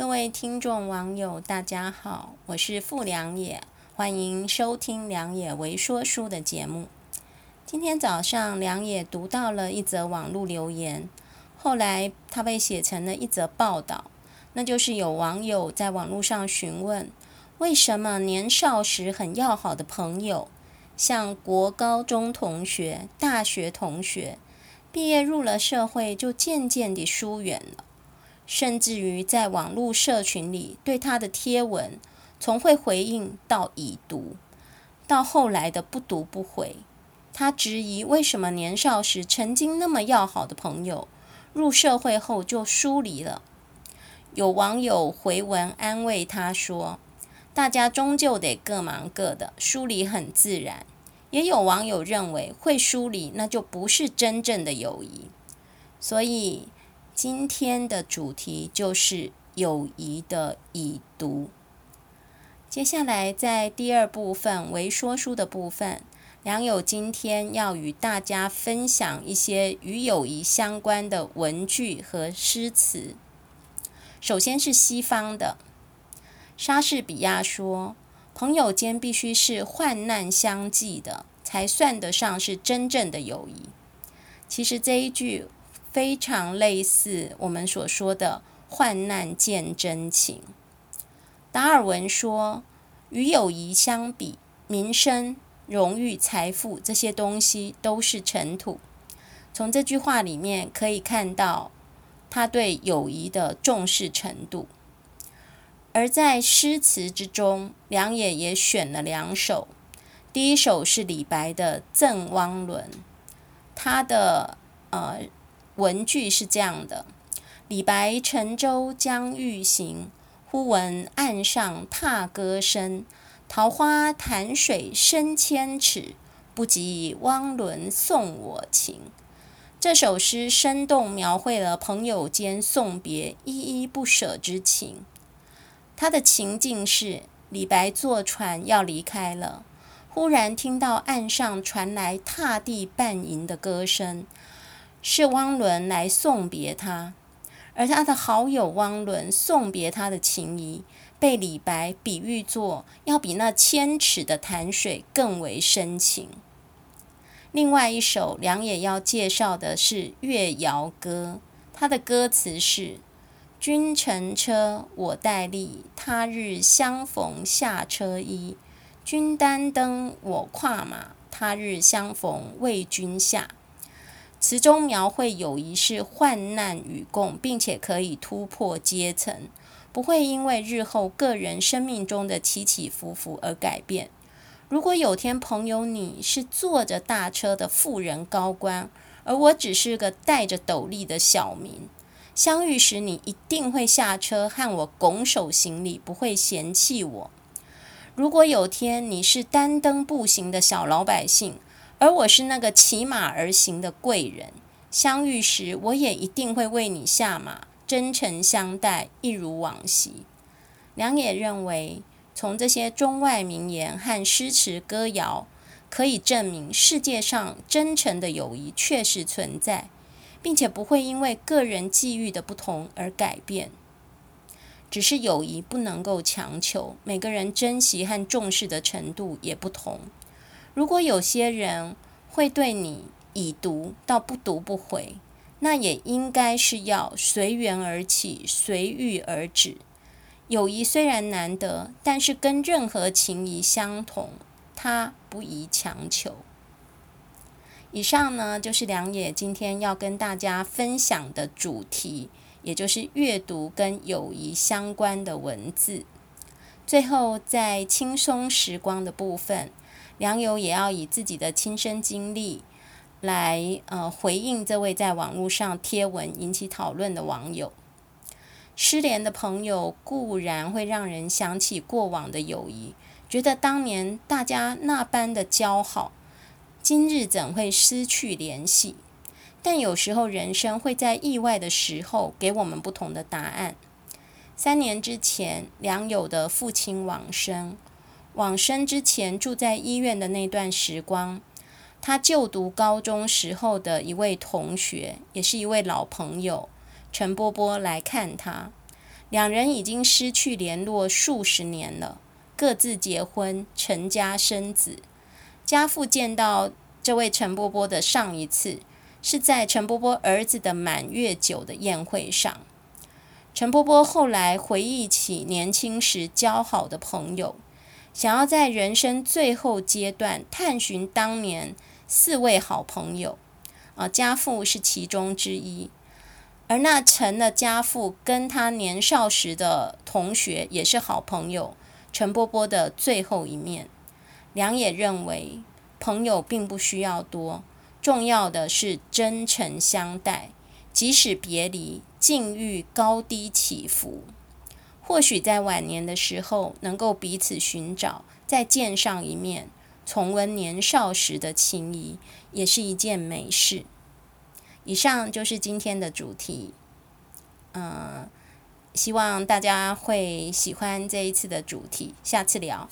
各位聽眾、網友，大家好，我是傅良也，歡迎收聽良也微說書的節目。今天早上，良也讀到了一則網絡留言，後來他被寫成了一則報道，那就是有網友在網絡上詢問，為什麼年少時很要好的朋友，像國高中同學、大學同學，畢業入了社會就漸漸地疏遠了？甚至於在網絡社群裡，對他的貼文，從會回應到已讀，到後來的不讀不回，他質疑為什麼年少時曾經那麼要好的朋友，入社會後就疏離了。有網友回文安慰他說：“大家終究得各忙各的，疏離很自然。”也有網友認為，會疏離，那就不是真正的友誼，所以。今天的主題就是友誼的已讀。接下來在第二部分微說書的部分，良友今天要與大家分享一些與友誼相關的文句和詩詞。首先是西方的，莎士比亞說：“朋友間必須是患難相濟的，才算得上是真正的友誼。”其實這一句。非常類似我們所說的“患難見真情”。達爾文說：“與友誼相比，名聲、榮譽、財富這些東西都是塵土。”從這句話裡面可以看到他對友誼的重視程度。而在詩詞之中，良也也選了兩首，第一首是李白的《贈汪倫》，他的呃。文句是這樣的：“李白乘舟將欲行，忽聞岸上踏歌聲。桃花潭水深千尺，不及汪倫送我情。”這首詩生動描繪了朋友間送別依依不捨之情。他的情境是：李白坐船要離開了，忽然聽到岸上傳來踏地伴吟的歌聲。是汪倫來送別他，而他的好友汪倫送別他的情誼，被李白比喻作要比那千尺的潭水更為深情。另外一首，良也要介紹的是《越謠歌》，他的歌詞是：君乘車，我戴笠；他日相逢下車揖，君擔簦，我跨馬；他日相逢為君下。詞中描繪友誼是患難與共，並且可以突破階層，不會因為日後個人生命中的起起伏伏而改變。如果有天朋友你是坐着大車的富人高官，而我只是個戴着斗笠的小民，相遇時你一定會下車和我拱手行禮，不會嫌棄我。如果有天你是擔簦步行的小老百姓，而我是那個騎馬而行的貴人，相遇時我也一定會為你下馬，真誠相待，一如往昔。良也認為，從這些中外名言和詩詞歌謠，可以證明世界上真誠的友誼確實存在，並且不會因為個人際遇的不同而改變。只是友誼不能夠強求，每個人珍惜和重視的程度也不同。如果有些人會對你已讀到不讀不回，那也應該是要隨緣而起，隨遇而止。友誼雖然難得，但是跟任何情誼相同，它不宜強求。以上呢，就是良也今天要跟大家分享的主題，也就是閱讀跟友誼相關的文字。最後，在輕鬆時光的部分。良友也要以自己的親身經歷來，來呃回應這位在網路上貼文引起討論的網友。失聯的朋友固然會讓人想起過往的友誼，覺得當年大家那般的交好，今日怎會失去聯繫？但有時候人生會在意外的時候給我們不同的答案。三年之前，良友的父親往生。往生之前住在醫院的那段時光，他就讀高中時候的一位同學，也是一位老朋友，陳伯伯來看他。兩人已經失去聯絡數十年了，各自結婚，成家生子。家父見到這位陳伯伯的上一次，是在陳伯伯兒子的滿月酒的宴會上。陳伯伯後來回憶起年輕時交好的朋友。想要在人生最後階段探尋當年四位好朋友，啊，家父是其中之一，而那成了家父跟他年少時的同學，也是好朋友陳伯伯的最後一面。良也認為，朋友並不需要多，重要的是真誠相待，即使別離，境遇高低起伏。或許在晚年的時候，能夠彼此尋找，再見上一面，重溫年少時的情誼，也是一件美事。以上就是今天的主題，嗯、呃，希望大家會喜歡這一次的主題。下次聊。